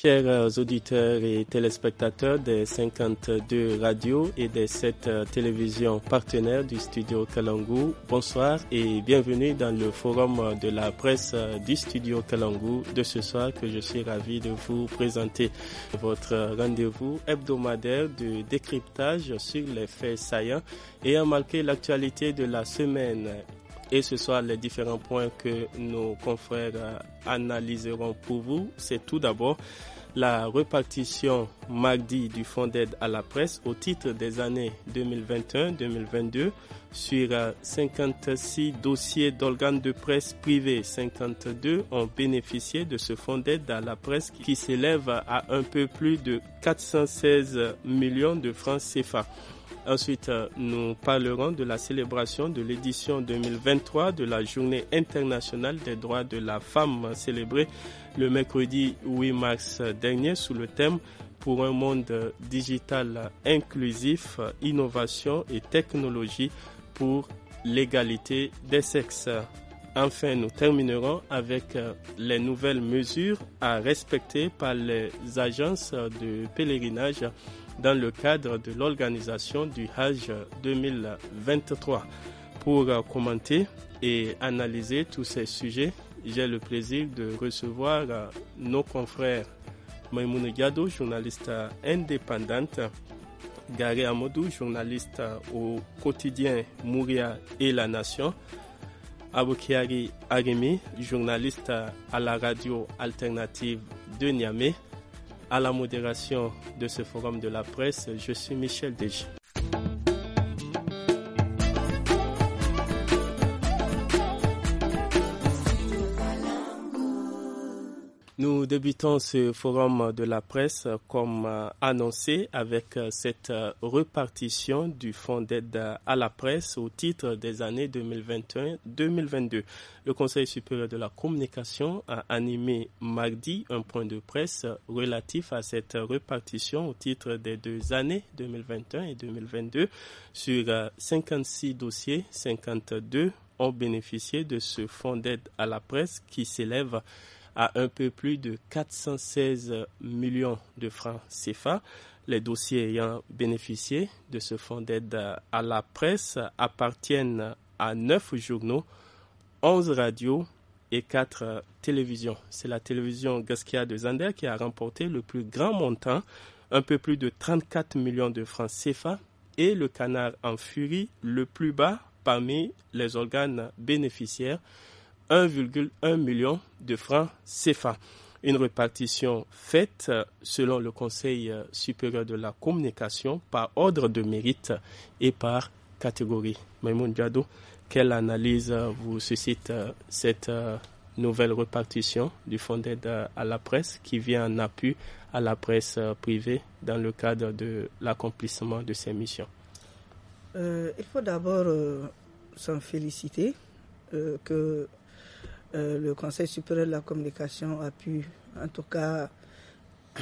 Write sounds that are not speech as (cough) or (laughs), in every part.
Chers euh, auditeurs et téléspectateurs des 52 radios et des 7 euh, télévisions partenaires du studio Kalangou, bonsoir et bienvenue dans le forum euh, de la presse du studio Kalangou de ce soir que je suis ravi de vous présenter. Votre rendez-vous hebdomadaire de décryptage sur les faits saillants ayant marqué l'actualité de la semaine et ce soir les différents points que nos confrères euh, analyseront pour vous. C'est tout d'abord la répartition mardi du fonds d'aide à la presse au titre des années 2021-2022 sur 56 euh, dossiers d'organes de presse privés. 52 ont bénéficié de ce fonds d'aide à la presse qui s'élève à un peu plus de 416 millions de francs CFA. Ensuite, euh, nous parlerons de la célébration de l'édition 2023 de la Journée internationale des droits de la femme célébrée le mercredi 8 mars dernier sous le thème pour un monde digital inclusif, innovation et technologie pour l'égalité des sexes. Enfin, nous terminerons avec euh, les nouvelles mesures à respecter par les agences de pèlerinage dans le cadre de l'organisation du Hajj 2023. Pour euh, commenter et analyser tous ces sujets, j'ai le plaisir de recevoir euh, nos confrères Maïmoune Gado, journaliste indépendante, Gary Amodou, journaliste au quotidien Mouria et La Nation, Aboukiari Arimi, journaliste à la radio alternative de Niamey. À la modération de ce forum de la presse, je suis Michel Deji. débutons ce forum de la presse euh, comme euh, annoncé avec euh, cette repartition du fonds d'aide à la presse au titre des années 2021-2022. Le Conseil supérieur de la communication a animé mardi un point de presse relatif à cette repartition au titre des deux années 2021 et 2022 sur 56 dossiers, 52 ont bénéficié de ce fonds d'aide à la presse qui s'élève à un peu plus de 416 millions de francs CFA. Les dossiers ayant bénéficié de ce fonds d'aide à la presse appartiennent à 9 journaux, 11 radios et 4 télévisions. C'est la télévision Gaskia de Zander qui a remporté le plus grand montant, un peu plus de 34 millions de francs CFA, et le canard en furie, le plus bas parmi les organes bénéficiaires, 1,1 million de francs CFA. Une répartition faite euh, selon le Conseil euh, supérieur de la communication par ordre de mérite et par catégorie. Maïmoun Diado, quelle analyse euh, vous suscite cette nouvelle répartition du fonds d'aide à la presse qui vient en appui à la presse privée dans le cadre de l'accomplissement de ses missions Il faut d'abord s'en féliciter que euh, le Conseil supérieur de la communication a pu, en tout cas, (clears throat)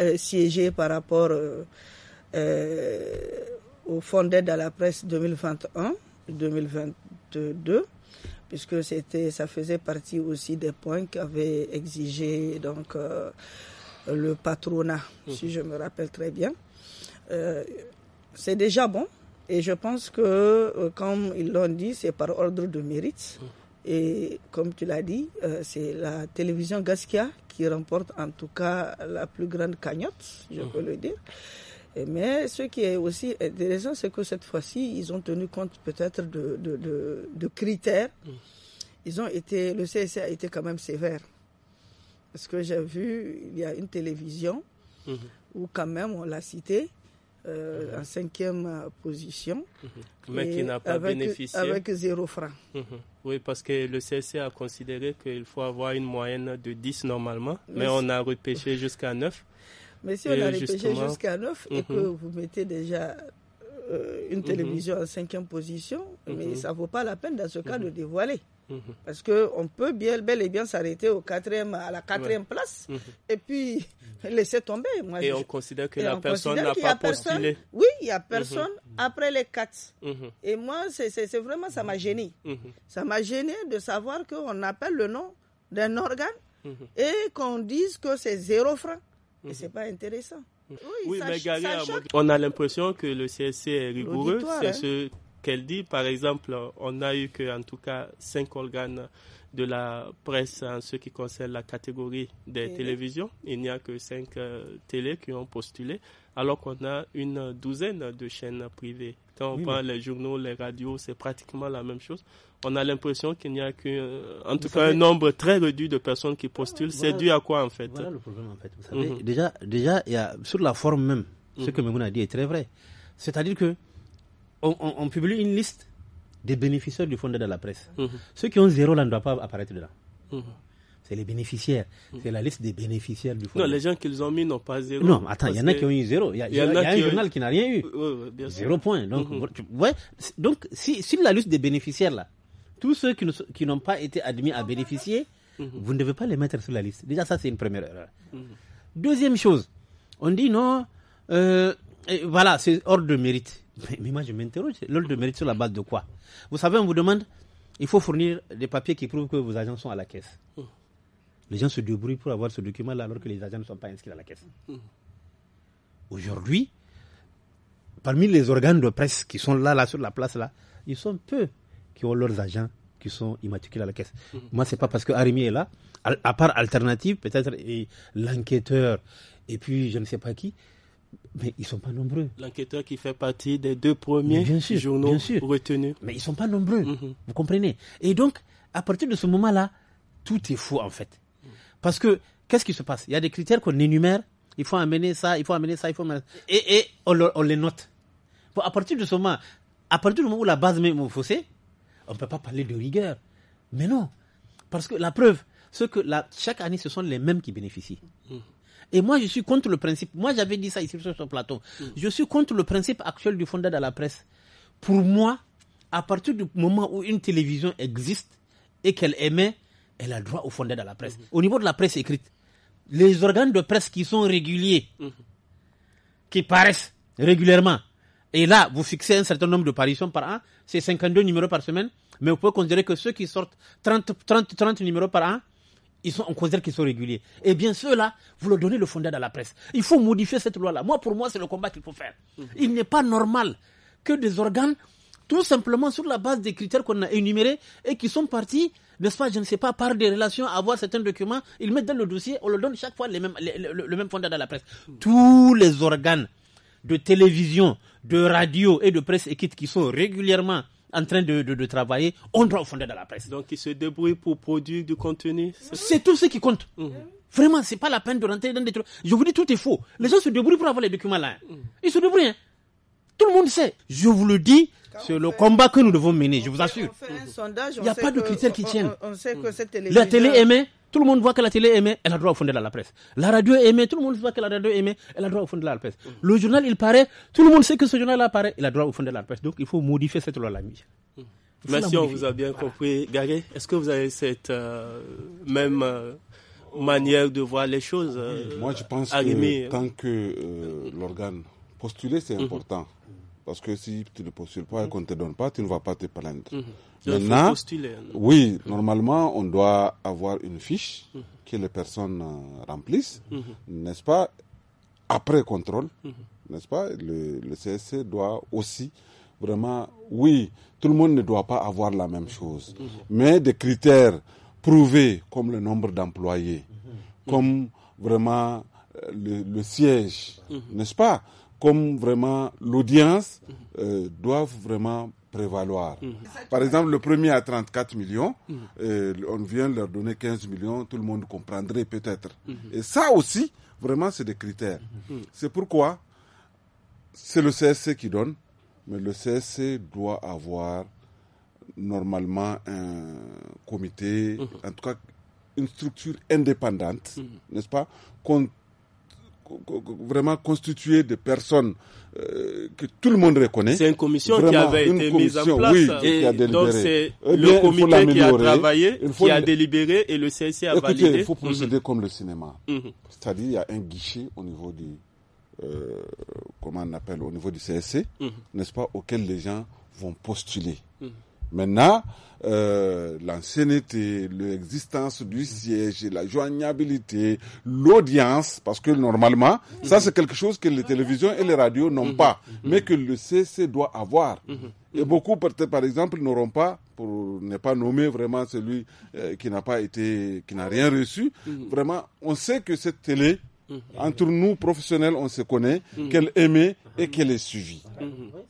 euh, siéger par rapport euh, au fond d'aide à la presse 2021-2022, puisque c'était, ça faisait partie aussi des points qu'avait exigé donc le patronat, mmh. si je me rappelle très bien. c'est déjà bon. Et je pense que, comme ils l'ont dit, c'est par ordre de mérite. Mmh. Et comme tu l'as dit, euh, c'est la télévision Gaskia qui remporte en tout cas la plus grande cagnotte, je mhm. peux le dire. mais ce qui est aussi intéressant, c'est que cette fois-ci, ils ont tenu compte peut-être de, de, de, critères. Mhm. Ils ont été, le CSC a été quand même sévère. Parce que j'ai vu, il y a une télévision mhm. où quand même on l'a cité, euh, en cinquième position. Mhm. Mais qui n'a pas bénéficié. Avec zéro franc. Mhm. Oui, parce que le CC a considéré qu'il faut avoir une moyenne de 10 normalement, mais, on a repêché jusqu'à 9. Mais si on a repêché jusqu'à 9 et mhm. que vous mettez déjà euh, une télévision en cinquième position, mais ça ne vaut pas la peine dans ce cas de dévoiler. Mhm. Parce qu'on peut bien, bel et bien s'arrêter au quatrième, à la quatrième place mhm. et puis mhm. laisser tomber. et on considère que la personne n'a pas postulé. oui, il n'y a personne après les quatre. Et moi, c'est vraiment, ça m'a gêné. Ça m'a gêné de savoir qu'on appelle le nom d'un organe et qu'on dise que c'est zéro franc. Et ce n'est pas intéressant. Oui, ça, on a l'impression que le CSC est rigoureux. C'est hein. ce qu'elle dit. Par exemple, on a eu que, en tout cas, cinq organes de la presse en ce qui concerne la catégorie des télévisions. Il n'y a que cinq euh, télés qui ont postulé, alors qu'on a une douzaine de chaînes privées. Quand on oui, les journaux, les radios, c'est pratiquement la même chose. On a l'impression qu'il n'y a que, euh, en tout cas, un nombre très réduit de personnes qui postulent. Ah, c'est dû à quoi, en fait Voilà le problème, en fait. Mhm. déjà, déjà y a, sur la forme même, ce que mhm. Memoun a dit est très vrai. C'est-à-dire que on, publie une liste des bénéficiaires du fonds de la presse. Mhm. Ceux qui ont zéro là ne doivent pas apparaître dedans. Mhm. C'est les bénéficiaires. Mhm. C'est la liste des bénéficiaires du fonds. Non, les gens qu'ils ont mis n'ont pas zéro. Non, attends, il y en a qui ont eu zéro. Il y a, un journal qui n'a rien eu. zéro point. Donc, si, sur la liste des bénéficiaires, là, tous ceux qui, n'ont pas été admis à bénéficier, vous ne devez pas les mettre sur la liste. Déjà, ça, c'est une première erreur. Deuxième chose, on dit non, euh, voilà, c'est hors de mérite. Mais, moi, je m'interroge. L'ordre de mérite sur la base de quoi Vous savez, on vous demande, il faut fournir des papiers qui prouvent que vos agents sont à la caisse. Mm. Les gens se débrouillent pour avoir ce document-là alors que les agents ne sont pas inscrits à la caisse. Mm. Aujourd'hui, parmi les organes de presse qui sont là, là, sur la place, là, ils sont peu qui ont leurs agents qui sont immatriculés à la caisse. Mm. Moi, ce n'est pas parce que est là, à part alternative, peut-être l'enquêteur et puis je ne sais pas qui, mais ils ne sont pas nombreux. L'enquêteur qui fait partie des deux premiers journaux retenus. Mais ils ne sont pas nombreux, mhm. vous comprenez Et donc, à partir de ce moment-là, tout est faux en fait. Parce que, qu'est-ce qui se passe Il y a des critères qu'on énumère, il faut amener ça, il faut amener ça, il faut amener ça. Et, on, les note. à partir de ce moment, à partir du moment où la base est faussée, on ne peut pas parler de rigueur. Mais non, parce que la preuve, c'est que chaque année, ce sont les mêmes qui bénéficient. Mhm. Et moi, je suis contre le principe. Moi, j'avais dit ça ici sur ce plateau. Hmm. Je suis contre le principe actuel du fondé de la presse. Pour moi, à partir du moment où une télévision existe et qu'elle émet, elle a droit au fondat de la presse. Hmm. Au niveau de la presse écrite, les organes de presse qui sont réguliers, hmm. qui paraissent régulièrement, et là, vous fixez un certain nombre de paritions par an, c'est 52 numéros par semaine, mais vous pouvez considérer que ceux qui sortent 30, 30, 30 numéros par an, ils sont, on considère qu'ils sont réguliers. Et bien ceux-là, vous leur donnez le fondat à la presse. Il faut modifier cette loi-là. Moi, pour moi, c'est le combat qu'il faut faire. Mhm. Il n'est pas normal que des organes, tout simplement sur la base des critères qu'on a énumérés et qui sont partis, n'est-ce pas, je ne sais pas, par des relations, avoir certains documents, ils mettent dans le dossier, on leur donne chaque fois le, même fondat à la presse. Mhm. Tous les organes de télévision, de radio et de presse équites qui sont régulièrement en train de, de, travailler, on doit fond dans la presse. Donc ils se débrouillent pour produire du contenu. C'est tout ce qui compte. Vraiment, mhm. Vraiment, c'est pas la peine de rentrer dans des trucs. Je vous dis, tout est faux. Les gens se débrouillent pour avoir les documents là. Mhm. Ils se débrouillent. Hein. Tout le monde sait. Je vous le dis, sur le combat que nous devons mener, je vous assure. Il n'y a pas de critères qui tiennent. La télé aimait. tout le monde voit que la télé aimait. elle a droit au fond de la presse. La radio aimait. tout le monde voit que la radio aimait. elle a droit au fond de la presse. Mm. Le journal, il paraît, tout le monde sait que ce journal là paraît, il a droit au fond de la presse. Donc il faut modifier cette loi-là. Mm. Merci, on vous a bien compris. Gary. est-ce que vous avez cette euh, même euh, manière de voir les choses euh, Moi, je pense que tant que l'organe postulé, c'est mm-hmm. important. Parce que si tu ne postules pas et qu'on ne te donne pas, tu ne vas pas te plaindre. Mhm. Maintenant, hein. oui, mhm. normalement, on doit avoir une fiche que les personnes euh, remplissent, mhm. n'est-ce pas Après contrôle, n'est-ce pas le, le CSC doit aussi vraiment, oui, tout le monde ne doit pas avoir la même chose, mais des critères prouvés comme le nombre d'employés, comme vraiment euh, le, siège, n'est-ce pas comme vraiment l'audience euh, doivent vraiment prévaloir. Mhm. Par exemple, le premier à 34 millions, euh, on vient leur donner 15 millions, tout le monde comprendrait peut-être. Mhm. Et ça aussi, vraiment, c'est des critères. Mhm. C'est pourquoi c'est le CSC qui donne, mais le CSC doit avoir normalement un comité, en tout cas une structure indépendante, n'est-ce pas, vraiment constitué de personnes euh, que tout le monde reconnaît. C'est une commission qui avait été mise en place. Oui, et qui a délibéré. Donc c'est eh le comité qui a travaillé, qui a délibéré et le CSC a validé. Il faut procéder mhm. comme le cinéma. Mhm. C'est-à-dire il y a un guichet au niveau du euh, comment on appelle au niveau du CSC, mhm. n'est-ce pas, auquel les gens vont postuler. Maintenant, euh, l'ancienneté, l'existence du siège, la joignabilité, l'audience, parce que normalement, ça c'est quelque chose que les télévisions et les radios n'ont mhm. pas, mhm. Mhm. mais que le CC doit avoir. Et beaucoup, par exemple, n'auront pas, pour ne pas nommer vraiment celui euh, qui n'a pas été, qui n'a rien reçu. Vraiment, on sait que cette télé, entre nous professionnels, on se connaît, qu'elle aimait et qu'elle est suivie.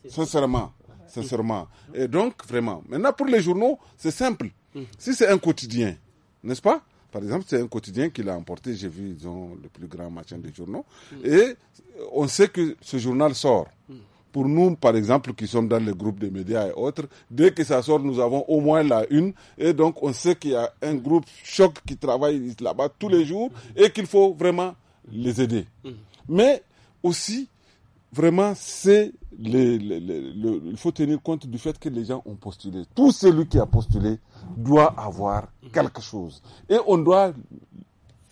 Sincèrement sincèrement. Et donc, vraiment. Maintenant, pour les journaux, c'est simple. Mhm. Si c'est un quotidien, n'est-ce pas par exemple, c'est un quotidien qui a emporté. J'ai vu, disons, le plus grand machin des journaux. Mhm. Et euh, on sait que ce journal sort. Mhm. Pour nous, par exemple, qui sommes dans le groupe des médias et autres, dès que ça sort, nous avons au moins la une. Et donc, on sait qu'il y a un groupe choc qui travaille là-bas tous les jours et qu'il faut vraiment les aider. Mais aussi, vraiment, c'est il faut tenir compte du fait que les gens ont postulé. Tout celui qui a postulé doit avoir quelque chose. Et on doit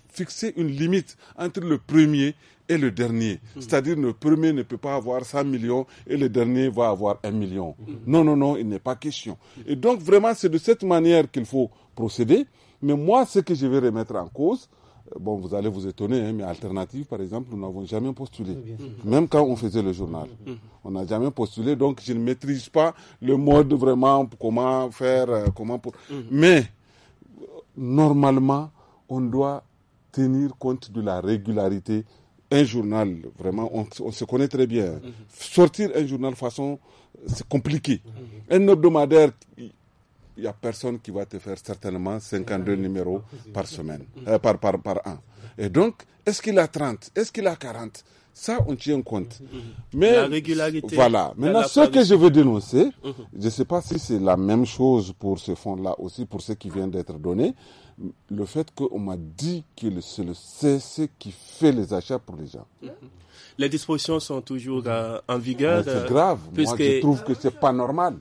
fixer une limite entre le premier et le dernier. Mm. C'est-à-dire le premier ne peut pas avoir 100 millions et le dernier va avoir 1 million. Mm. Non, non, non, il n'est pas question. Et donc vraiment, c'est de cette manière qu'il faut procéder. Mais moi, ce que je vais remettre en cause, bon, vous allez vous étonner, hein, mais alternative, par exemple, nous n'avons jamais postulé. Même quand on faisait le journal, mm-hmm. Mm-hmm. on n'a jamais postulé. Donc, je ne maîtrise pas le mode vraiment comment faire, euh, comment. Pour... Mm-hmm. Mais normalement, on doit tenir compte de la régularité. Un journal, vraiment, on, se connaît très bien. Sortir un journal de façon, c'est compliqué. Un hebdomadaire il n'y a personne qui va te faire certainement 52 numéros ah, par semaine, mm. euh, par, par, par an. Et donc, est-ce qu'il a 30 Est-ce qu'il a 40 ça, on tient compte. Mm, mm, Mais, la régularité. Voilà. Maintenant, ce que je veux dénoncer, je ne sais pas si c'est la même chose pour ce fonds-là aussi, pour ce qui vient d'être donné, le fait qu'on m'a dit que c'est le CC qui fait les achats pour les gens. Les dispositions sont toujours euh, en vigueur. C'est euh, grave. Moi, je trouve que ce n'est pas normal.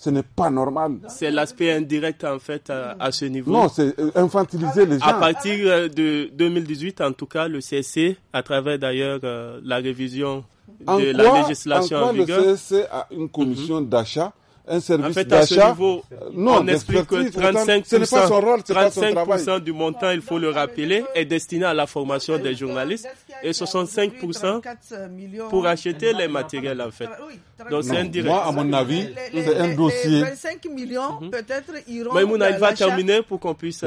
Ce n'est pas normal. C'est l'aspect indirect en fait à, ce niveau. Non, c'est euh, infantiliser les gens. À partir euh, de 2018, en tout cas, le CC, à travers d'ailleurs euh, la révision de la législation en, vigueur. Le CSC a une commission mhm. d'achat un service en fait, d'achat. Euh, non, on explique que 35%, du montant, il faut le rappeler, est destiné à la formation des journalistes et 65% pour acheter les matériels en fait. Donc c'est indirect. Moi, à mon avis, c'est un dossier. Mhm. Mais Mouna, il va terminer pour qu'on puisse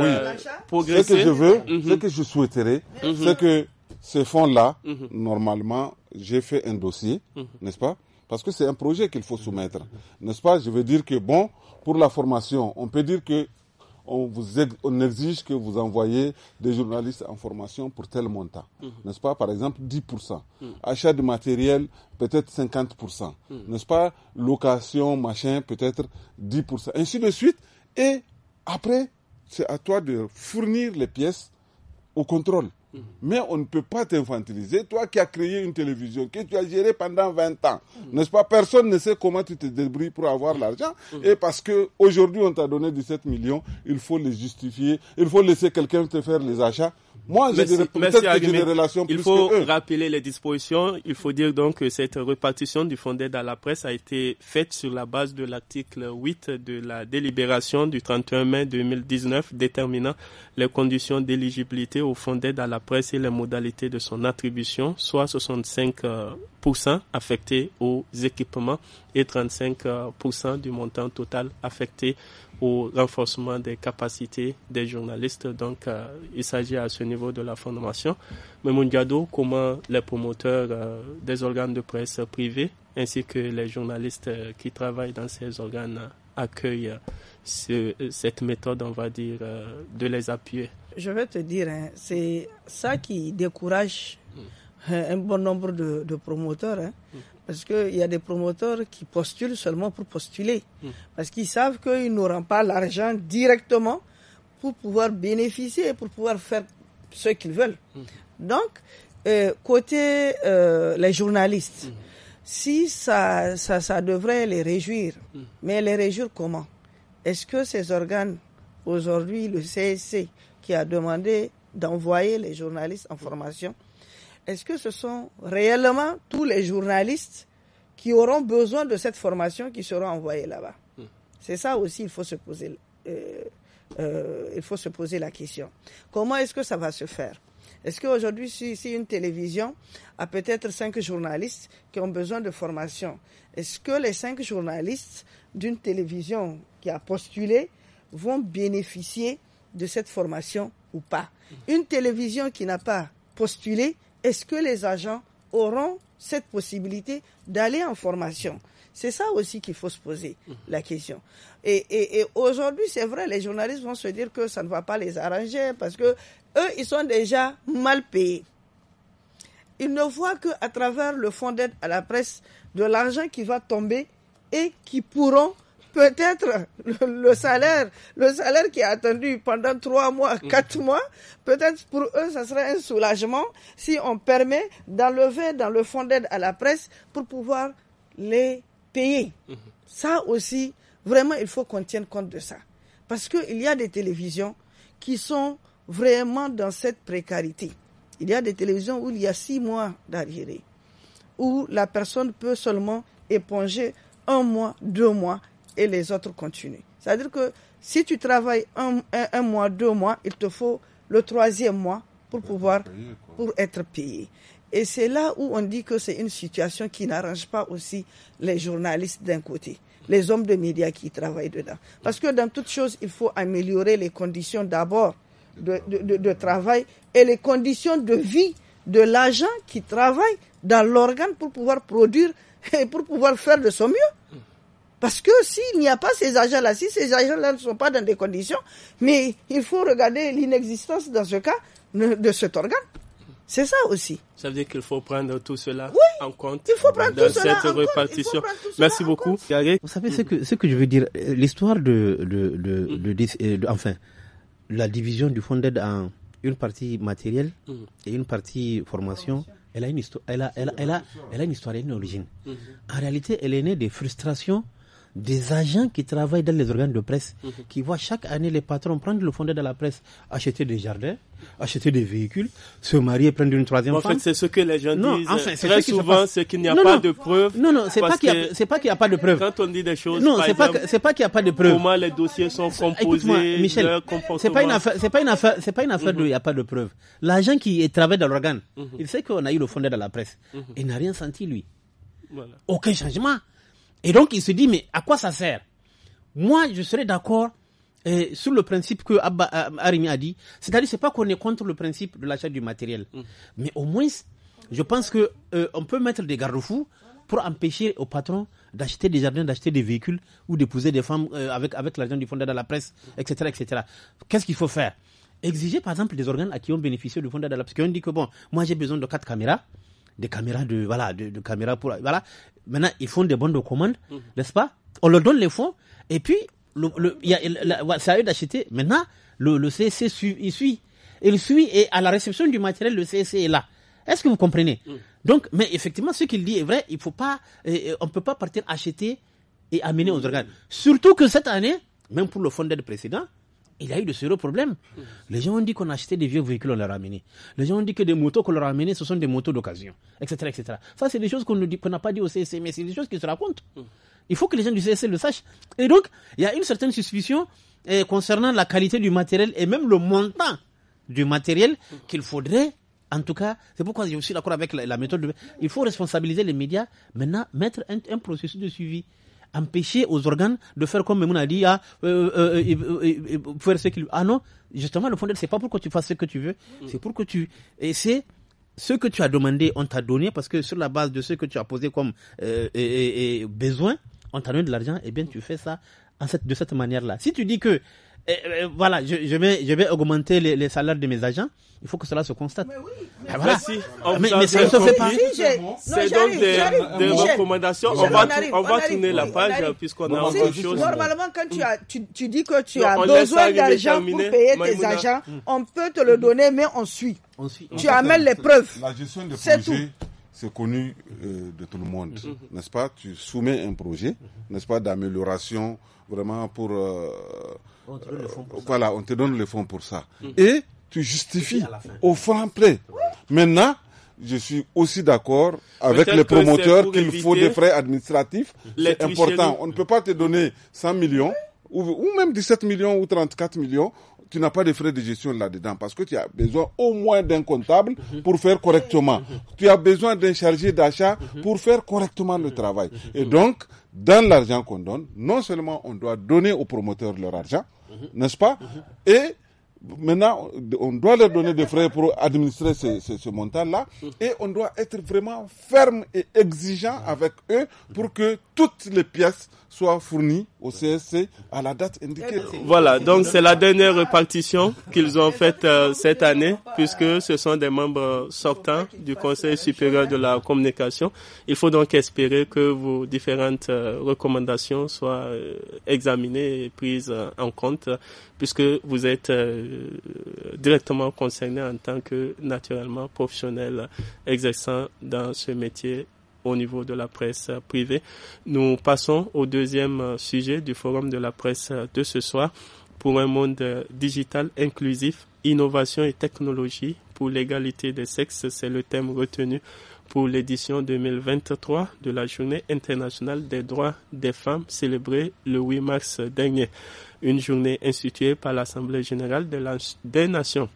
progresser. Euh, ce que je veux, mhm. ce que je souhaiterais, mhm. c'est que ces fonds-là, normalement, j'ai fait un dossier, n'est-ce pas? Parce que c'est un projet qu'il faut soumettre. N'est-ce pas Je veux dire que, bon, pour la formation, on peut dire que on, vous exige que vous envoyez des journalistes en formation pour tel montant. Mmh. N'est-ce pas Par exemple, 10%. Mmh. Achat de matériel, peut-être 50%. Mmh. N'est-ce pas Location, machin, peut-être 10%. Ainsi de suite. Et après, c'est à toi de fournir les pièces au contrôle. Mm. Mais on ne peut pas t'infantiliser. Toi qui as créé une télévision, que tu as gérée pendant 20 ans, mm. n'est-ce pas Personne ne sait comment tu te débrouilles pour avoir mm. l'argent. Et parce que aujourd'hui on t'a donné 17 millions, il faut les justifier, il faut laisser quelqu'un te faire les achats. Il faut rappeler les dispositions. Il faut dire donc que cette répartition du fonds d'aide à la presse a été faite sur la base de l'article 8 de la délibération du 31 mai 2019 déterminant les conditions d'éligibilité au fonds d'aide à la presse et les modalités de son attribution, soit 65 affectés aux équipements et 35% du montant total affecté au renforcement des capacités des journalistes. Donc, euh, il s'agit à ce niveau de la formation. Mais Mungado, comment les promoteurs euh, des organes de presse privés ainsi que les journalistes euh, qui travaillent dans ces organes accueillent cette méthode, on va dire, de les appuyer Je vais te dire, hein, c'est ça qui décourage euh, un bon nombre de, promoteurs. Hein. Mm. Parce qu'il y a des promoteurs qui postulent seulement pour postuler. Mm. Parce qu'ils savent qu'ils n'auront pas l'argent directement pour pouvoir bénéficier, pour pouvoir faire ce qu'ils veulent. Mm. Donc, euh, côté euh, les journalistes, si ça, ça, ça, devrait les réjouir, mais les réjouir comment Est-ce que ces organes, aujourd'hui le CSC, qui a demandé d'envoyer les journalistes en formation, est-ce que ce sont réellement tous les journalistes qui auront besoin de cette formation qui seront envoyés là-bas hmm. C'est ça aussi, il faut se poser. Euh, euh, il faut se poser la question. Comment est-ce que ça va se faire Est-ce qu'aujourd'hui, si, une télévision a peut-être cinq journalistes qui ont besoin de formation, est-ce que les cinq journalistes d'une télévision qui a postulé vont bénéficier de cette formation ou pas hmm. Une télévision qui n'a pas postulé est-ce que les agents auront cette possibilité d'aller en formation C'est ça aussi qu'il faut se poser mmh. la question. Et, aujourd'hui, c'est vrai, les journalistes vont se dire que ça ne va pas les arranger parce que eux, ils sont déjà mal payés. Ils ne voient qu'à travers le fonds d'aide à la presse de l'argent qui va tomber et qui pourront peut-être le, salaire, le salaire qui est attendu pendant trois mois, mm. quatre mois, peut-être pour eux, ça serait un soulagement si on permet d'enlever dans le fond d'aide à la presse pour pouvoir les payer. Mm-hmm. Ça aussi, vraiment, il faut qu'on tienne compte de ça. Parce qu'il y a des télévisions qui sont vraiment dans cette précarité. Il y a des télévisions où il y a six mois d'arriéré, où la personne peut seulement éponger un mois, deux mois, et les autres continuent. C'est-à-dire que si tu travailles un, un, mois, deux mois, il te faut le troisième mois pour, pouvoir être payé, pour être payé. Et c'est là où on dit que c'est une situation qui n'arrange pas aussi les journalistes d'un côté, les hommes de médias qui travaillent dedans. Parce que dans toute chose, il faut améliorer les conditions d'abord de, de, de, travail et les conditions de vie de l'agent qui travaille dans l'organe pour pouvoir produire (laughs) et pour pouvoir faire de son mieux. Parce que s'il n'y a pas ces agents-là, si ces agents-là ne sont pas dans des conditions, mais il faut regarder l'inexistence dans ce cas de cet organe. C'est ça aussi. Ça veut dire qu'il faut prendre tout cela en compte il faut prendre dans cela cette en répartition. Compte, Merci beaucoup. Vous savez ce que ce que je veux dire euh, L'histoire de, mm. euh, de, enfin la division du fonds d'aide en une partie matérielle mm. et une partie formation. Elle a une histoire, elle a, elle, a, elle, a, elle a une histoire, elle a une origine. Mm. En réalité, elle est née des frustrations des agents qui travaillent dans les organes de presse, mhm. qui voient chaque année les patrons prendre le fondé de la presse, acheter des jardins, acheter des véhicules, se marier, prendre une troisième femme. En fait, c'est ce que les gens disent très souvent, c'est qu'il n'y a pas de preuves. Non, non, c'est pas qu'il n'y a, pas de preuves. Quand on dit des choses, non, c'est pas, pas qu'il n'y a pas de preuves. Comment les dossiers sont composés, c'est pas une affaire, c'est pas une affaire, pas une affaire de mhm. il n'y a pas de preuves. L'agent qui travaille dans l'organe, mhm. il sait qu'on a eu le fondé de la presse. Il n'a rien senti lui. Aucun changement. Et donc, il se dit, mais à quoi ça sert Moi, je serais d'accord euh, sur le principe que Abba, euh, Arimi a dit. C'est-à-dire, c'est pas qu'on est contre le principe de l'achat du matériel. Mm. Mais au moins, je pense qu'on euh, peut mettre des garde-fous pour empêcher au patron d'acheter des jardins, d'acheter des véhicules ou d'épouser des femmes avec, avec l'argent du fondateur de la presse, etc. etc. Qu'est-ce qu'il faut faire Exiger par exemple des organes à qui ont bénéficié du fondateur de la presse, qui ont dit que bon, moi j'ai besoin de quatre caméras, des caméras de voilà, de, caméras pour voilà, maintenant, ils font des bons de commandes, n'est-ce pas On leur donne les fonds, et puis, le, c'est à eux d'acheter. Maintenant, le, le CSC, suit, il suit. Il suit, et à la réception du matériel, le CSC est là. Est-ce que vous comprenez mm. Donc, mais effectivement, ce qu'il dit est vrai. Il faut pas, on ne peut pas partir acheter et amener aux organes. Mm. Surtout que cette année, même pour le fonds d'aide précédent, il y a eu de sérieux problèmes. Les gens ont dit qu'on achetait des vieux véhicules, on les a ramenés. Les gens ont dit que des motos qu'on leur a ramenées, ce sont des motos d'occasion, etc., etc. Ça, c'est des choses qu'on n'a pas dit au CSC, mais c'est des choses qui se racontent. Il faut que les gens du CSC le sachent. Et donc, il y a une certaine suspicion eh, concernant la qualité du matériel et même le montant du matériel qu'il faudrait en tout cas, c'est pourquoi je suis d'accord avec la, méthode. De... Il faut responsabiliser les médias, maintenant mettre un processus de suivi empêcher aux organes de faire comme Memoun a dit, euh, euh, euh, faire ce qu'il... Ah non, justement, le fondel, c'est pas pour que tu fasses ce que tu veux, c'est pour que tu... Et c'est ce que tu as demandé, on t'a donné, parce que sur la base de ce que tu as posé comme euh, et, et, besoin, on t'a donné de l'argent, et eh bien tu fais ça en cette, de cette manière-là. Si tu dis que euh, euh, voilà, je, je, vais, je augmenter les, les, salaires de mes agents. Il faut que cela se constate. Mais oui. Mais, si, ah, ah, mais, ça ne se fait pas. C'est donc des, des recommandations. On, va, on va tourner la page puisqu'on a autre chose. Normalement, quand tu, as, tu, tu dis que tu as besoin d'argent pour payer tes agents, on peut te le donner, mais on suit. On suit. Tu amènes les preuves. La gestion des projets c'est connu euh, de tout le monde, mhm. n'est-ce pas Tu soumets un projet, mhm. n'est-ce pas, d'amélioration, vraiment euh, pour... ça. Voilà, on te donne le fonds pour ça. Mhm. Et tu justifies au franc plein Maintenant, je suis aussi d'accord avec les promoteurs qu'il faut des frais administratifs. C'est important. On ne peut pas te donner 100 millions ou même 17 millions ou 34 millions tu n'as pas de frais de gestion là-dedans parce que tu as besoin au moins d'un comptable pour faire correctement. Tu as besoin d'un chargé d'achat pour faire correctement le travail. Et donc, dans l'argent qu'on donne, non seulement on doit donner aux promoteurs leur argent, n'est-ce pas Et maintenant, on doit leur donner des frais pour administrer ce, montant-là et on doit être vraiment ferme et exigeant avec eux pour que toutes les pièces soient fournies au CSC à la date indiquée. Eh ben, voilà, donc c'est la dernière répartition qu'ils ont faite euh, cette année, puisque ce sont des membres sortants du Conseil supérieur de la communication. Il faut donc espérer que vos différentes euh, recommandations soient euh, examinées et prises en compte, puisque vous êtes directement concerné en tant que naturellement professionnel exerçant dans ce métier au niveau de la presse privée. Nous passons au deuxième euh, sujet du forum de la presse euh, de ce soir pour un monde euh, digital inclusif, innovation et technologie pour l'égalité des sexes. C'est le thème retenu pour l'édition 2023 de la Journée internationale des droits des femmes célébrée le 8 mars dernier. Une journée instituée par l'Assemblée générale des Nations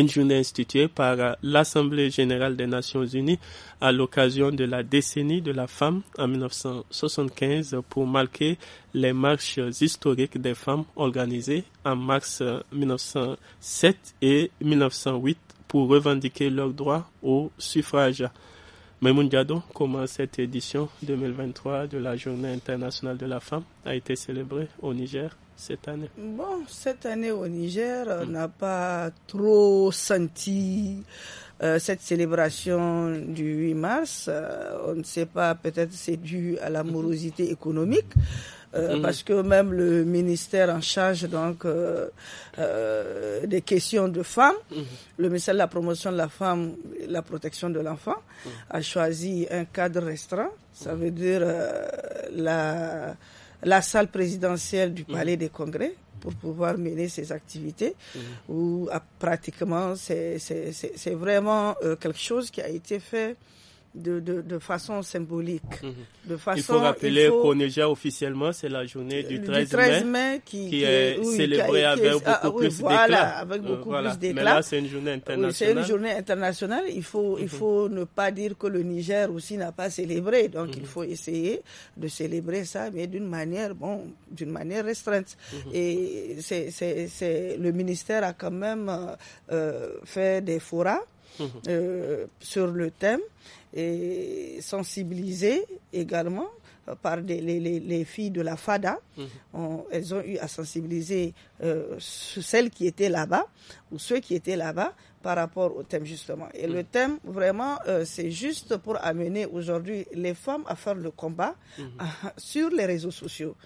une journée instituée par l'Assemblée générale des Nations unies à l'occasion de la décennie de la femme en 1975 pour marquer les marches historiques des femmes organisées en mars 1907 et 1908 pour revendiquer leur droit au suffrage. Maimoun Diado, comment cette édition 2023 de la Journée internationale de la femme a été célébrée au Niger cette année Bon, cette année au Niger, on mm. n'a pas trop senti euh, cette célébration du 8 mars. Euh, on ne sait pas, peut-être c'est dû à la morosité économique. Euh, mhm. parce que même le ministère en charge donc euh, euh, des questions de femmes, mhm. le ministère de la promotion de la femme, la protection de l'enfant, mhm. a choisi un cadre restreint. Ça veut dire la salle présidentielle du Palais des Congrès pour pouvoir mener ses activités. Ou ah, pratiquement, c'est vraiment quelque chose qui a été fait de, façon symbolique. Mhm. De façon, il faut rappeler qu'au Niger, officiellement, c'est la journée du 13, mai, qui, est célébrée avec, beaucoup plus voilà, d'éclat. Euh, mais là, c'est une journée internationale. c'est une journée internationale. Il faut, il mhm. faut ne pas dire que le Niger aussi n'a pas célébré. Donc, il mhm. faut essayer de célébrer ça, mais d'une manière, bon, d'une manière restreinte. Et c'est, le ministère a quand même euh, fait des forats euh, sur le thème et sensibilisées également euh, par les, filles de la FADA. Mhm. elles ont eu à sensibiliser euh, celles qui étaient là-bas ou ceux qui étaient là-bas par rapport au thème justement. Et le mhm. thème, vraiment, euh, c'est juste pour amener aujourd'hui les femmes à faire le combat mhm. sur les réseaux sociaux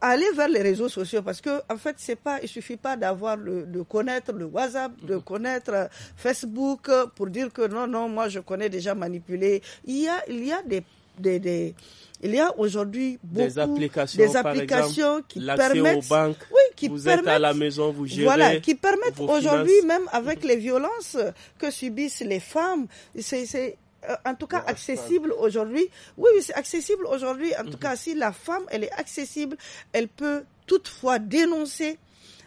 aller vers les réseaux sociaux parce que en fait c'est pas il suffit pas d'avoir le de connaître le WhatsApp de mhm. connaître euh, Facebook euh, pour dire que non non moi je connais déjà manipulé il y a il y a des des, des il y a aujourd'hui beaucoup des applications, des applications exemple, qui permettent banques, oui, qui vous êtes à la maison, vous gérez voilà, qui permettent aujourd'hui même avec mhm. les violences que subissent les femmes, c'est euh, en tout cas accessible aujourd'hui. Oui, oui, c'est accessible aujourd'hui. En tout mhm. cas, si la femme, elle est accessible, elle peut toutefois dénoncer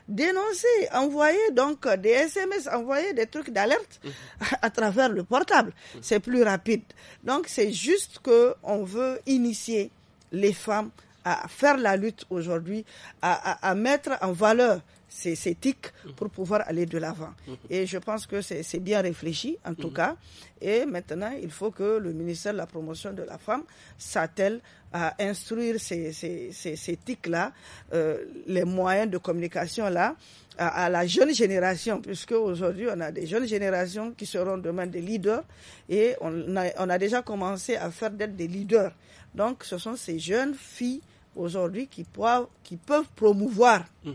dénoncer, envoyer donc des SMS, envoyer des trucs d'alerte mhm. (laughs) à, travers le portable. Mhm. C'est plus rapide. Donc c'est juste qu'on veut initier les femmes à faire la lutte aujourd'hui, à, mettre en valeur ces, tics pour pouvoir aller de l'avant. Mhm. Et je pense que c'est bien réfléchi, en tout mhm. cas. Et maintenant, il faut que le ministère de la Promotion de la Femme s'attelle à instruire ces, ces, tics-là, euh, les moyens de communication-là, à, la jeune génération, puisque aujourd'hui, on a des jeunes générations qui seront demain des leaders, et on a, déjà commencé à faire d'être des leaders. Donc, ce sont ces jeunes filles aujourd'hui qui, qui peuvent promouvoir. Mhm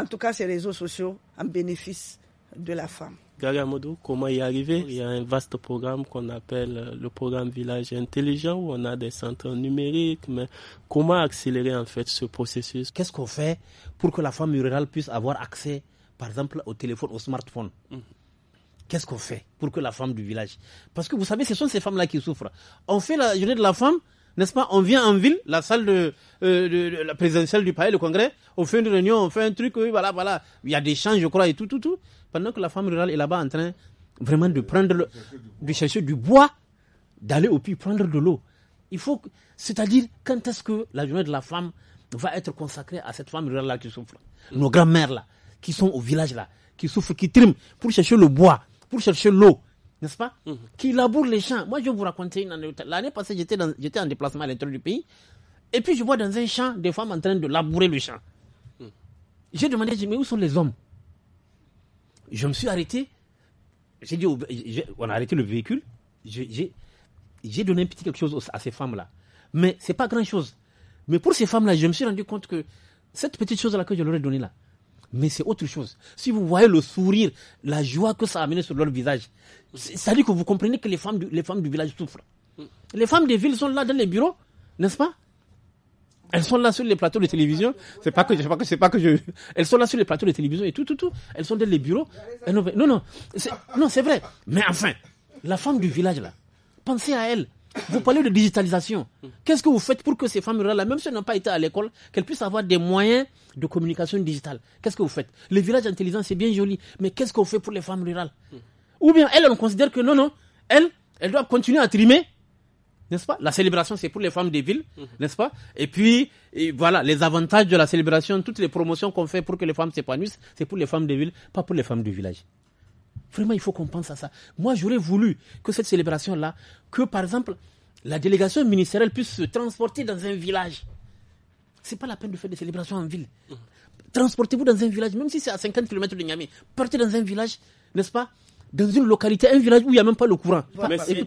en tout cas ces réseaux sociaux en bénéfice de la femme. Gagamodou, comment y arriver Il y a un vaste programme qu'on appelle euh, le programme Village Intelligent où on a des centres numériques, mais comment accélérer en fait ce processus Qu'est-ce qu'on fait pour que la femme rurale puisse avoir accès, par exemple, au téléphone, au smartphone mm. Qu'est-ce qu'on fait pour que la femme du village Parce que vous savez, ce sont ces femmes-là qui souffrent. On fait la journée de la femme, n'est-ce pas On vient en ville, la salle euh, de, la présidentielle du palais, le congrès, on fait une réunion, on fait un truc, voilà, voilà. Il y a des champs, je crois, et tout, tout, tout. Pendant que la femme rurale est là-bas en train vraiment de prendre, le, de chercher du bois, d'aller au puits prendre de l'eau. Il faut, c'est-à-dire, quand est-ce que la journée de la femme va être consacrée à cette femme rurale-là qui souffre Nos grands-mères, là, qui sont au village, là, qui souffrent, qui triment pour chercher le bois, pour chercher l'eau, pas mhm. Qui labourent les champs. Moi, je vais vous raconter une L'année passée, j'étais, j'étais en déplacement à l'intérieur du pays. Et puis, je vois dans un champ des femmes en train de labourer le champ. Mhm. J'ai demandé, mais où sont les hommes Je me suis arrêté. J'ai dit, on a arrêté le véhicule. J'ai, donné un petit quelque chose à ces femmes-là. Mais c'est pas grand-chose. Mais pour ces femmes-là, je me suis rendu compte que cette petite chose-là que je leur ai donnée là, mais c'est autre chose. Si vous voyez le sourire, la joie que ça a amené sur leur visage, ça dit que vous comprenez que les femmes du, les femmes du village souffrent. Les femmes des villes sont là dans les bureaux, n'est-ce pas Elles sont là sur les plateaux de télévision. C'est pas que je, pas que c'est pas que je. Elles sont là sur les plateaux de télévision et tout, tout, tout. Elles sont dans les bureaux. non, non, non, c'est vrai. Mais enfin, la femme du village là, pensez à elle. Vous parlez de digitalisation. Qu'est-ce que vous faites pour que ces femmes rurales, même si elles n'ont pas été à l'école, qu'elles puissent avoir des moyens de communication digitale Qu'est-ce que vous faites Les villages intelligents, c'est bien joli, mais qu'est-ce qu'on fait pour les femmes rurales Ou bien elles, on considère que non, non, elles, elles doivent continuer à trimer n'est-ce pas La célébration, c'est pour les femmes des villes, n'est-ce pas Et puis, voilà, les avantages de la célébration, toutes les promotions qu'on fait pour que les femmes s'épanouissent, c'est pour les femmes des villes, pas pour les femmes du village. Vraiment, il faut qu'on pense à ça. Moi, j'aurais voulu que cette célébration-là, que par exemple, la délégation ministérielle puisse se transporter dans un village. C'est pas la peine de faire des célébrations en ville. Transportez-vous dans un village, même si c'est à 50 km de Niamey. Partez dans un village, n'est-ce pas dans une localité, un village où il n'y a même pas le courant.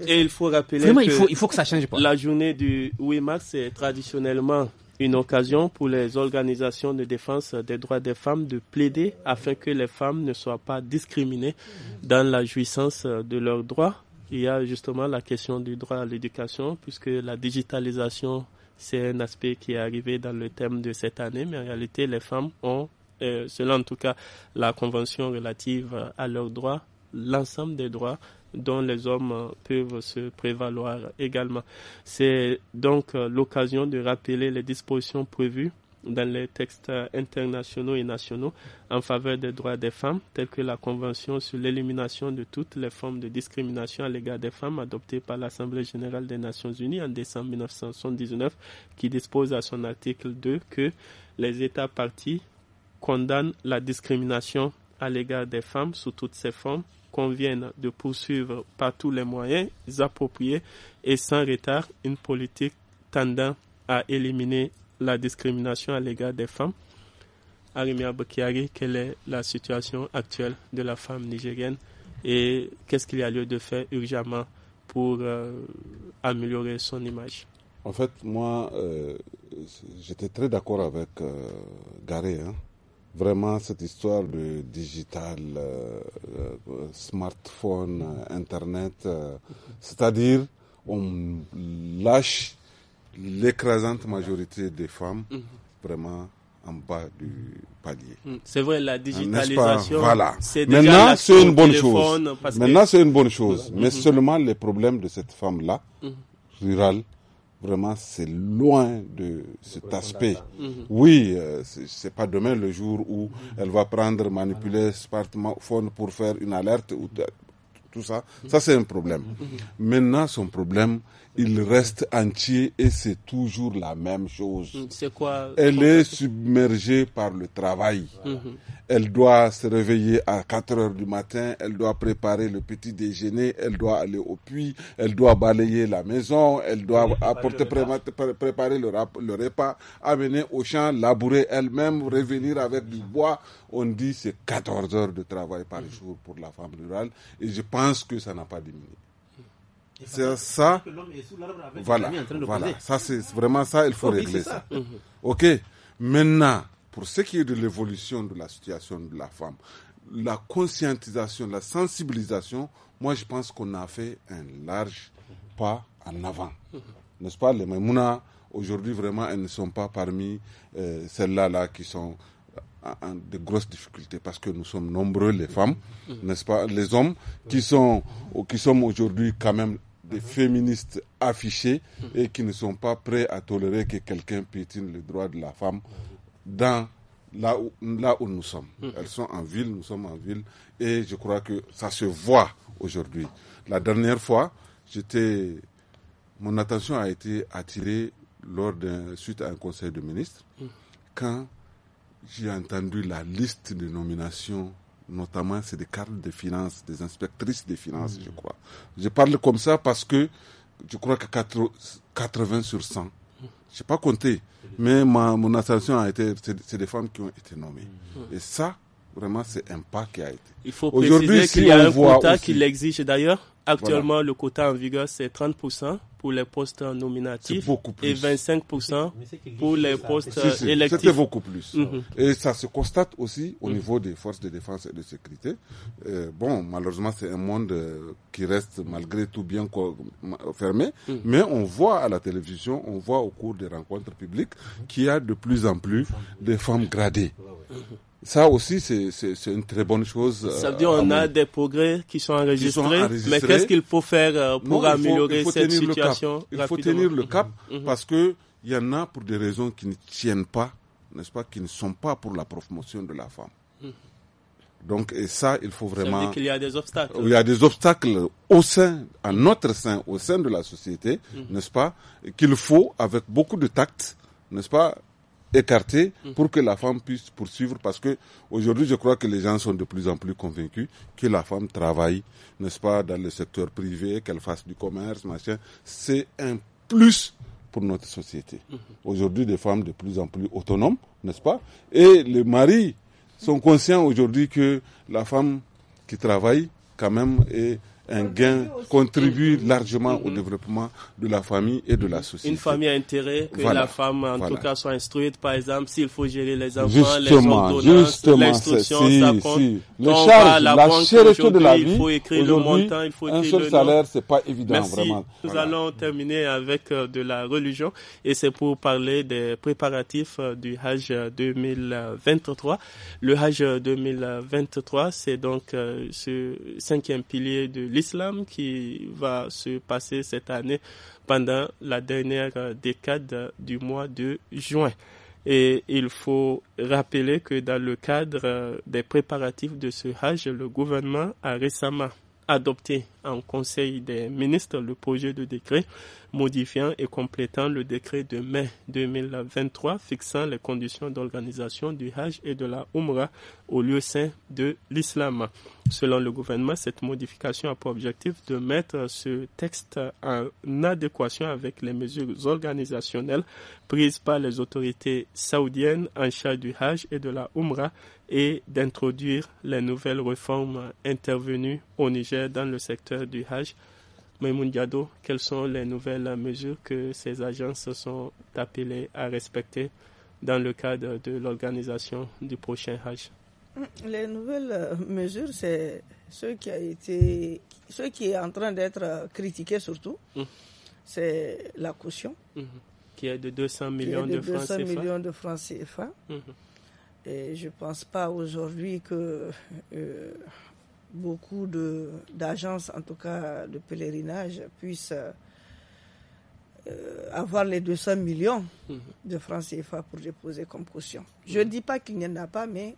Et il faut rappeler Vraiment, que il, faut, il faut que ça change. Pas. La journée du 8 mars, c'est traditionnellement une occasion pour les organisations de défense des droits des femmes de plaider afin que les femmes ne soient pas discriminées dans la jouissance de leurs droits. Il y a justement la question du droit à l'éducation, puisque la digitalisation, c'est un aspect qui est arrivé dans le thème de cette année, mais en réalité, les femmes ont, euh, selon en tout cas la Convention relative à leurs droits, l'ensemble des droits dont les hommes euh, peuvent se prévaloir également. C'est donc euh, l'occasion de rappeler les dispositions prévues dans les textes internationaux et nationaux en faveur des droits des femmes, telles que la Convention sur l'élimination de toutes les formes de discrimination à l'égard des femmes adoptée par l'Assemblée générale des Nations unies en décembre 1979, qui dispose à son article 2 que les États partis condamnent la discrimination à l'égard des femmes sous toutes ses formes conviennent de poursuivre par tous les moyens appropriés et sans retard une politique tendant à éliminer la discrimination à l'égard des femmes. Arimia Bakiari, quelle est la situation actuelle de la femme nigérienne et qu'est-ce qu'il y a lieu de faire urgemment pour euh, améliorer son image En fait, moi, euh, j'étais très d'accord avec euh, Garé. Hein. Vraiment, cette histoire de digital, euh, euh, smartphone, euh, Internet, c'est-à-dire on lâche l'écrasante majorité des femmes mhm. vraiment en bas du palier. Mhm. C'est vrai, la digitalisation. Voilà. Déjà Maintenant, c'est une bonne chose. Maintenant, c'est une bonne chose. Mais mhm. seulement les problèmes de cette femme-là, rurale, vraiment c'est loin de cet aspect. Mhm. Oui, euh, ce c'est pas demain le jour où mhm. elle va prendre, manipuler smartphone pour faire une alerte ou tout ça. Mhm. Ça c'est un problème. Maintenant son problème il reste entier et c'est toujours la même chose. Mm, c'est quoi Elle est submergée par le travail. Mm-hmm. Elle doit se réveiller à 4 heures du matin, elle doit préparer le petit déjeuner, elle doit aller au puits, elle doit balayer la maison, elle doit apporter, préparer le, repas, amener au champ, labourer elle-même, revenir avec du bois. On dit c'est 14 heures de travail par mm-hmm. jour pour la femme rurale et je pense que ça n'a pas diminué. C'est ça. voilà. voilà. Ça, c'est vraiment ça, il faut régler ça. Mhm. OK. Maintenant, pour ce qui est de l'évolution de la situation de la femme, la conscientisation, la sensibilisation, moi, je pense qu'on a fait un large pas en avant. Mhm. N'est-ce pas? Les Maimouna, aujourd'hui, vraiment, elles ne sont pas parmi euh, celles-là qui sont en de grosses difficultés parce que nous sommes nombreux les femmes, mhm. n'est-ce pas, les hommes qui sont qui aujourd'hui quand même des féministes affichées et qui ne sont pas prêts à tolérer que quelqu'un pétine le droit de la femme dans là où, où nous sommes. Elles sont en ville, nous sommes en ville, et je crois que ça se voit aujourd'hui. La dernière fois, j'étais, mon attention a été attirée lors d'un suite à un conseil de ministre quand j'ai entendu la liste des nominations notamment c'est des cartes de finances, des inspectrices des finances, je mm. crois. Je parle comme ça parce que je crois que 80 sur 100, je n'ai pas compté, mais ma, mon attention a été, c'est des femmes qui ont été nommées. Mm. Et ça, vraiment, c'est un pas qui a été. Il faut préciser qu'il y a un quota qui l'exige d'ailleurs Actuellement, le quota en vigueur, c'est 30% pour les postes nominatifs et 25% pour les postes électifs. C'était beaucoup plus. Mhm. Et ça se constate aussi au mhm. niveau des forces de défense et de sécurité. Euh, bon, malheureusement, c'est un monde euh, qui reste malgré tout bien fermé, mhm. mais on voit à la télévision, on voit au cours des rencontres publiques qu'il y a de plus en plus de femmes gradées. Ça aussi, c'est une très bonne chose. Ça veut euh, dire qu'on a des progrès qui sont enregistrés, mais qu'est-ce qu'il faut faire euh, pour améliorer cette situation Il faut tenir le cap mhm. Mhm. parce que y en a pour des raisons qui ne tiennent pas, n'est-ce pas, qui ne sont pas pour la promotion de la femme. Mhm. Donc, et ça, il faut vraiment. Ça qu'il y a des obstacles. Il y a des obstacles au sein, à notre sein, au sein de la société, n'est-ce pas, qu'il faut, avec beaucoup de tact, n'est-ce pas, écarté mm. pour que la femme puisse poursuivre parce que aujourd'hui je crois que les gens sont de plus en plus convaincus que la femme travaille, n'est-ce pas, dans le secteur privé, qu'elle fasse du commerce, machin. C'est un plus pour notre société. Mm-hmm. Aujourd'hui, des femmes de plus en plus autonomes, n'est-ce pas Et les maris sont conscients aujourd'hui que la femme qui travaille, quand même, est un gain, contribue largement au développement de la famille et de la société. Une famille a intérêt que la femme, en tout cas, soit instruite, par exemple, s'il faut gérer les enfants, justement, les justement, l'instruction, ça compte. Le charge, la, de la vie, il faut écrire le montant, il faut un seul le salaire, c'est pas évident, Merci. Nous allons terminer avec euh, de la religion et c'est pour parler des préparatifs euh, du Hajj 2023. Le Hajj 2023, c'est donc euh, ce cinquième pilier de Islam qui va se passer cette année pendant la dernière décade du mois de juin. Et il faut rappeler que dans le cadre euh, des préparatifs de ce Hajj, le gouvernement a récemment adopté en Conseil des ministres le projet de décret modifiant et complétant le décret de mai 2023 fixant les conditions d'organisation du Hajj et de la Umrah au lieu saint de l'islam. Selon le gouvernement, cette modification a pour objectif de mettre ce texte en adéquation avec les mesures organisationnelles prises par les autorités saoudiennes en charge du Hajj et de la Umrah et d'introduire les nouvelles réformes intervenues au Niger dans le secteur du Hajj. Mais Diado, quelles sont les nouvelles mesures que ces agences sont appelées à respecter dans le cadre de l'organisation du prochain Hajj mm, Les nouvelles euh, mesures, c'est ce qui a été, ce qui est en train d'être critiqué surtout, mm. c'est la caution. Mm-hmm. Qui est de 200 millions de, francs 200 CFA. millions de francs CFA. Mm-hmm. Et je ne pense pas aujourd'hui que euh, beaucoup d'agences, en tout cas de pèlerinage, puissent euh, avoir les 200 millions de francs CFA pour déposer comme caution. Je ne mhm. dis pas qu'il n'y en a pas, mais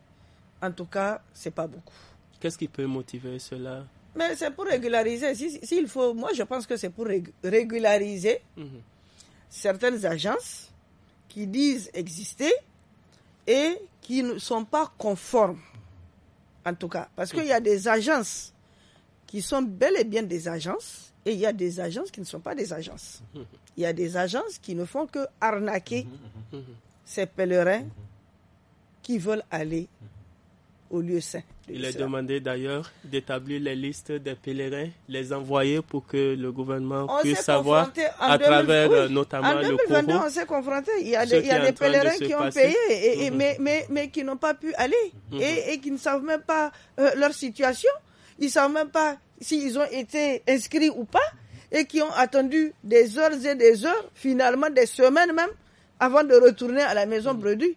en tout cas, ce n'est pas beaucoup. Qu'est-ce qui peut motiver cela Mais c'est pour régulariser. faut, moi, je pense que c'est pour régulariser mhm. certaines agences qui disent exister et qui ne sont pas conformes en tout cas. Parce qu'il y a des agences qui sont bel et bien des agences, et il y a des agences qui ne sont pas des agences. (laughs) Il y a des agences qui ne font que arnaquer (laughs) ces pèlerins qui veulent aller au lieu saint. Il est demandé d'ailleurs d'établir les listes des pèlerins, les envoyer pour que le gouvernement puisse savoir à travers euh, notamment en 2022, On s'est confronté. Il y a, des, pèlerins qui ont payé, mhm. mais, mais, qui n'ont pas pu aller mhm. et, qui ne savent même pas euh, leur situation. Ils ne savent même pas s'ils ont été inscrits ou pas et qui ont attendu des heures et des heures, finalement des semaines même, avant de retourner à la maison mhm. bredue.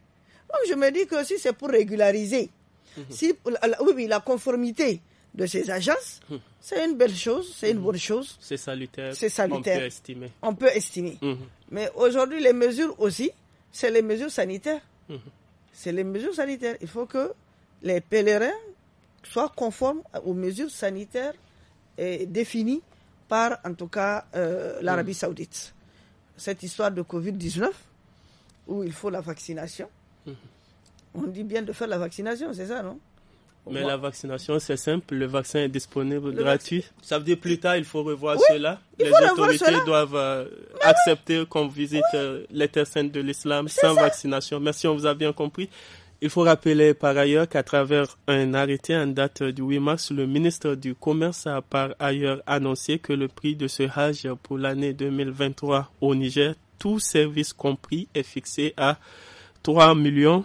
Donc je me dis que si c'est pour régulariser, Mhm. Si, oui, la conformité de ces agences, mhm. c'est une belle chose, c'est une mhm. bonne chose. C'est salutaire. C'est On peut estimer. On peut estimer. Mais aujourd'hui, les mesures aussi, c'est les mesures sanitaires. C'est les mesures sanitaires. Il faut que les pèlerins soient conformes aux mesures sanitaires définies par, en tout cas, euh, l'Arabie saoudite. Cette histoire de Covid-19, où il faut la vaccination, on dit bien de faire la vaccination, c'est ça, non mais la vaccination, c'est simple, le vaccin est disponible gratuit. Ça veut dire plus tard, il faut revoir cela. Les autorités doivent euh, accepter qu'on visite euh, les terres saintes de l'islam sans vaccination. Merci, on vous a bien compris, il faut rappeler par ailleurs qu'à travers un arrêté en date du 8 mars, le ministre du Commerce a par ailleurs annoncé que le prix de ce Hajj pour l'année 2023 au Niger, tout service compris, est fixé à 3 millions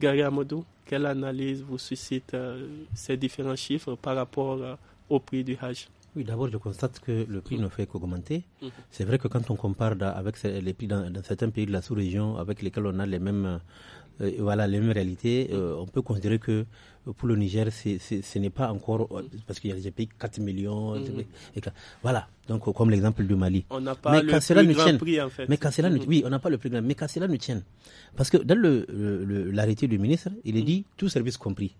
Gary Amadou, quelle analyse vous suscite euh, ces différents chiffres par rapport euh, au prix du Hajj oui, d'abord, je constate que le prix ne fait qu'augmenter. Mhm. C'est vrai que quand on compare avec les prix dans certains pays de la sous-région avec lesquels on a les mêmes euh, euh, voilà, les mêmes réalités, euh, on peut considérer que euh, pour le Niger, c'est, ce n'est pas encore, parce qu'il y a mhm. des pays 4 millions, voilà, donc comme l'exemple du Mali. On n'a pas mais le plus grand prix, en fait. Mais quand cela mhm. oui, on n'a pas le plus mais quand cela nous tienne. Parce que dans l'arrêté le, du ministre, il est mhm. dit tout service compris.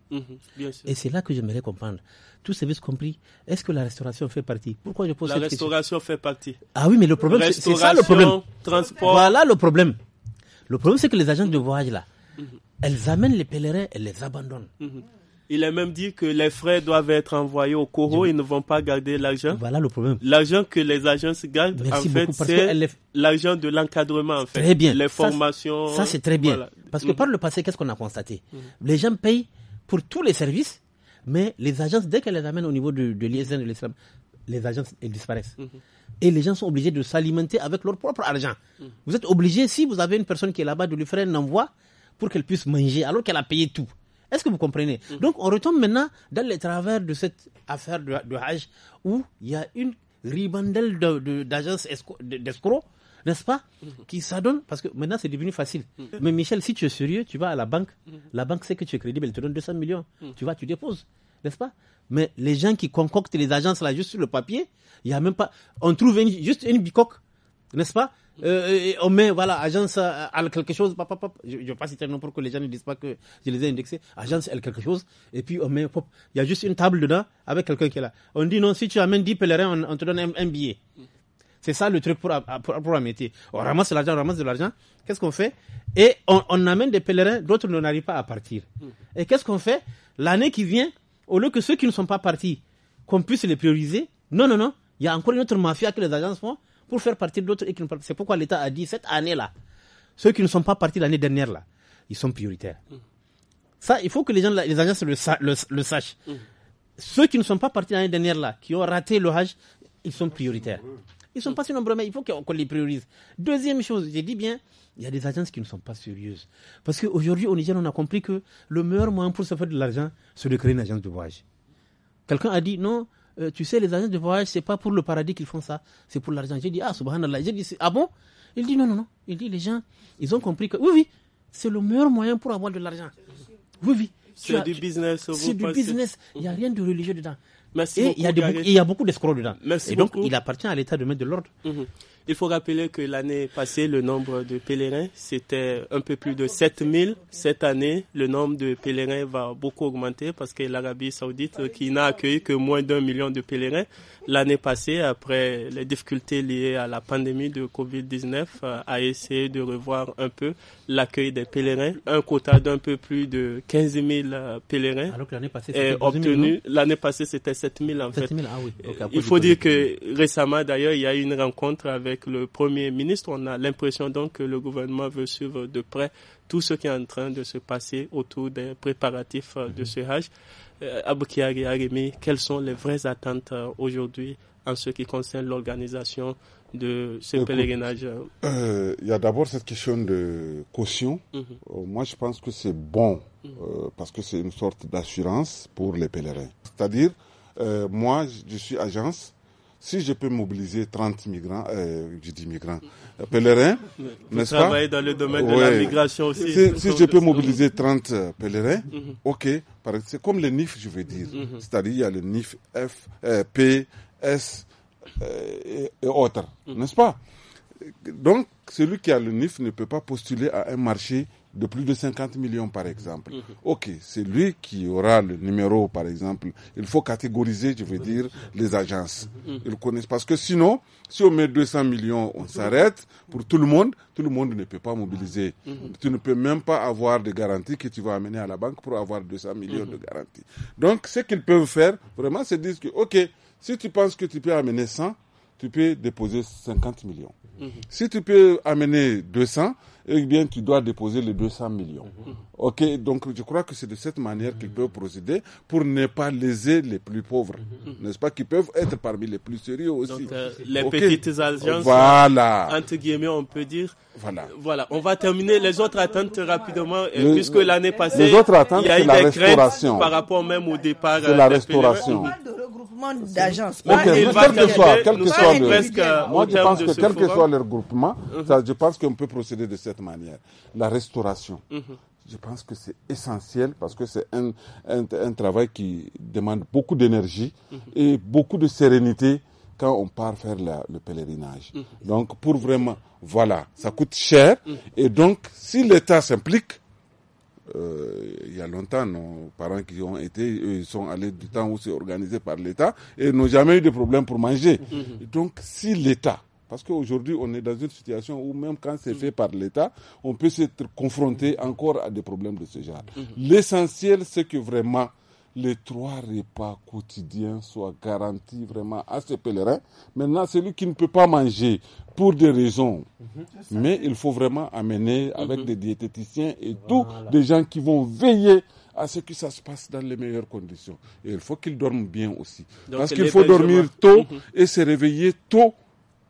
Et c'est là que j'aimerais comprendre. Tout service compris, est-ce que la restauration fait partie Pourquoi je pose la cette question La restauration fait partie. Ah oui, mais le problème, c'est ça le problème. Transport. Voilà le problème. Le problème, c'est que les agents de voyage, là, Mhm. elles amènent les pèlerins et les abandonnent. Mhm. Il a même dit que les frais doivent être envoyés au Coro, ils ne vont pas garder l'argent. Voilà le problème. L'argent que les agences gardent, en fait, c'est l'argent de l'encadrement, en fait. Très bien. Les formations. Ça, c'est très bien. Parce que mhm. par le passé, qu'est-ce qu'on a constaté Les gens payent pour tous les services, mais les agences, dès qu'elles les amènent au niveau de, de l'ISN l'islam, les agences elles disparaissent. Et les gens sont obligés de s'alimenter avec leur propre argent. Vous êtes obligé, si vous avez une personne qui est là-bas, de lui faire un envoi pour qu'elle puisse manger alors qu'elle a payé tout. Est-ce que vous comprenez mhm. Donc on retombe maintenant dans les travers de cette affaire de, Hajj où il y a une ribandelle d'agences de, d'escrocs, n'est-ce pas mhm. Qui s'adonnent parce que maintenant c'est devenu facile. Mhm. Mais Michel, si tu es sérieux, tu vas à la banque, la banque sait que tu es crédible, elle te donne 200 millions, tu vas, tu déposes, n'est-ce pas Mais les gens qui concoctent les agences là juste sur le papier, il y a même pas. On trouve juste une bicoque, n'est-ce pas on euh, met, oh, voilà, agence a euh, quelque chose, je ne vais pas citer le nom pour que les gens ne disent pas que je les ai indexés, agence elle quelque chose, et puis on oh, met, il y a juste une table dedans avec quelqu'un qui est là. On dit non, si tu amènes 10 pèlerins, on, te donne un, billet. C'est ça le truc pour, pour, un métier. On ramasse l'argent, on ramasse de l'argent. Qu'est-ce qu'on fait Et on, on, amène des pèlerins, d'autres ne n'arrivent pas à partir. Et qu'est-ce qu'on fait L'année qui vient, au lieu que ceux qui ne sont pas partis, qu'on puisse les prioriser, non, non, non, il y a encore une autre mafia que les agences font pour faire partie d'autres et C'est pourquoi l'État a dit cette année-là, ceux qui ne sont pas partis l'année dernière là, ils sont prioritaires. Ça, il faut que les gens, les agences le, sachent. Ceux qui ne sont pas partis l'année dernière là, qui ont raté le ils sont prioritaires. Ils sont pas si nombreux, mais il faut qu'on les priorise. Deuxième chose, j'ai dit bien, il y a des agences qui ne sont pas sérieuses. Parce qu'aujourd'hui, au Niger, on a compris que le meilleur moyen pour se faire de l'argent, c'est de créer une agence de voyage. Quelqu'un a dit, non, euh, tu sais, les agences de voyage, c'est pas pour le paradis qu'ils font ça, c'est pour l'argent. J'ai dit, ah, subhanallah. J'ai dit, ah bon Il dit, non, non, non. Il dit, les gens, ils ont compris que, oui, oui, c'est le meilleur moyen pour avoir de l'argent. Oui, oui. C'est du business. C'est du business. Il n'y a rien de religieux dedans. et il y, a beaucoup, d'escrocs dedans. et donc, il appartient à l'État de mettre de l'ordre. Mm-hmm. Il faut rappeler que l'année passée, le nombre de pèlerins, c'était un peu plus de 7000. Cette année, le nombre de pèlerins va beaucoup augmenter parce que l'Arabie saoudite, qui n'a accueilli que moins d'un million de pèlerins, l'année passée, après les difficultés liées à la pandémie de Covid-19, euh, a essayé de revoir un peu l'accueil des pèlerins. Un quota d'un peu plus de 15 000 euh, pèlerins est obtenu. L'année passée, c'était 7 000 en fait. Ah euh, il faut dire que récemment, d'ailleurs, il y a eu une rencontre avec le Premier ministre. On a l'impression donc que le gouvernement veut suivre de près tout ce qui est en train de se passer autour des préparatifs euh, de mhm. ce Hajj. Euh, Aboukiari quelles sont les vraies attentes euh, aujourd'hui en ce qui concerne l'organisation de ce pèlerinage Il y a d'abord cette question de caution. Mhm. moi, je pense que c'est bon mhm. parce que c'est une sorte d'assurance pour les pèlerins. C'est-à-dire, moi, je suis agence, si je peux mobiliser 30 migrants, euh, je dis migrants, pèlerins, n'est-ce pas dans le domaine de la migration aussi. Si, je peux mobiliser 30 euh, pèlerins, mhm. ok, c'est comme le NIF, je veux dire. Mhm. C'est-à-dire, il y a le NIF F, euh, P, S euh, et, autres, mhm. n'est-ce pas donc, celui qui a le NIF ne peut pas postuler à un marché de plus de 50 millions, par exemple. Mhm. Ok, c'est lui qui aura le numéro, par exemple. Il faut catégoriser, je veux dire, les agences. Mhm. Ils connaissent. Parce que sinon, si on met 200 millions, on s'arrête pour tout le monde. Tout le monde ne peut pas mobiliser. Mhm. Tu ne peux même pas avoir de garantie que tu vas amener à la banque pour avoir 200 millions de garantie. Donc, ce qu'ils peuvent faire, vraiment, c'est dire que, ok, si tu penses que tu peux amener 100, tu peux déposer 50 millions. Mhm. Si tu peux amener 200, eh bien, tu dois déposer les 200 millions. Mhm. OK, donc je crois que c'est de cette manière qu'ils mhm. peuvent procéder pour ne pas léser les plus pauvres, mhm. n'est-ce pas, qui peuvent être parmi les plus sérieux aussi. Euh, les petites agences, voilà. entre guillemets, on peut dire. Voilà. Voilà, on va terminer les autres attentes rapidement, euh, puisque l'année passée, il y a eu des par rapport même au départ. de la euh, restauration. de regroupement d'agences. Quel, que soit, quel que le, moi je pense que quel que soit le regroupement, je pense qu'on peut procéder de cette manière. La restauration. Mhm. Je pense que c'est essentiel parce que c'est un, travail qui demande beaucoup d'énergie mhm. et beaucoup de sérénité quand on part faire le pèlerinage. Mhm. Donc, pour vraiment, voilà, ça coûte cher. Et donc, si l'État s'implique, euh, il y a longtemps, nos parents qui ont été, ils sont allés du temps où c'est organisé par l'État et n'ont jamais eu de problème pour manger. Donc, si l'État parce qu'aujourd'hui, on est dans une situation où même quand c'est fait par l'État, on peut s'être confronté encore à des problèmes de ce genre. Mhm. L'essentiel, c'est que vraiment les trois repas quotidiens soient garantis vraiment à ces pèlerins. Maintenant, celui qui ne peut pas manger pour des raisons, mhm. mais il faut vraiment amener avec mhm. des diététiciens et tout, des gens qui vont veiller à ce que ça se passe dans les meilleures conditions. Et il faut qu'ils dorment bien aussi. Parce qu'il faut dormir tôt et se réveiller tôt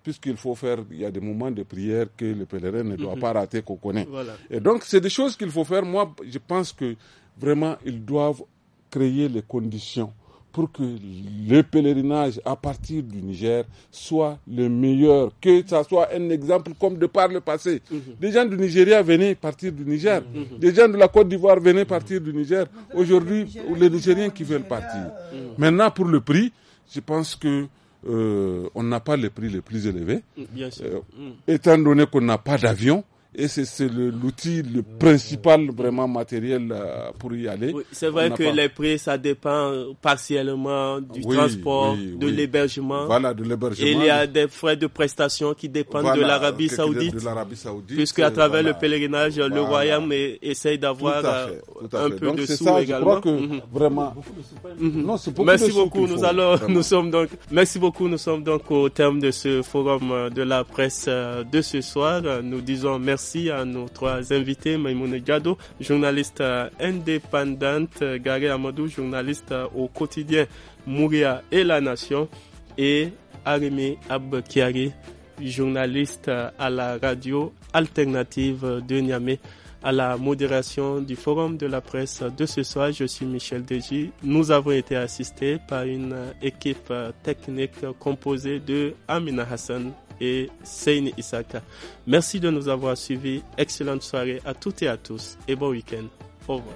puisqu'il faut faire, il y a des moments de prière que le pèlerin ne doit mhm. pas rater, qu'on connaît. Et donc, c'est des choses qu'il faut faire. Moi, je pense que vraiment, ils doivent créer les conditions pour que le pèlerinage à partir du Niger soit le meilleur, que ça soit un exemple comme de par le passé. Mhm. Des gens du Nigeria venaient partir du Niger, mhm. des gens de la Côte d'Ivoire venaient partir du Niger. Aujourd'hui, les Nigériens qui veulent partir. Maintenant, pour le prix, je pense que euh, on n'a pas les prix les plus élevés. Euh, mm. étant donné qu'on n'a pas d'avion, et c'est l'outil le, principal vraiment matériel euh, pour y aller. c'est vrai que les prix, ça dépend partiellement du transport, de l'hébergement. Voilà, de l'hébergement. il y a des frais de prestation qui dépendent de l'Arabie saoudite. Puisque à travers le pèlerinage, le royaume essaye d'avoir un peu mhm. de sous ça, également. Je crois que vraiment... merci beaucoup. Nous, nous sommes donc, merci beaucoup. Nous sommes donc au terme de ce forum euh, de la presse euh, de ce soir. Nous disons merci merci à nos trois invités, Maïmoune Gado, journaliste euh, indépendante, euh, Gary Amadou, journaliste euh, au quotidien Mouria et La Nation, et Arimé Abkiari, journaliste à la radio alternative de Niamey à la modération du forum de la presse de ce soir. Je suis Michel Deji. Nous avons été assistés par une équipe technique composée de Amina Hassan et Seine Isaka. Merci de nous avoir suivis. Excellente soirée à toutes et à tous et bon week-end. Au revoir.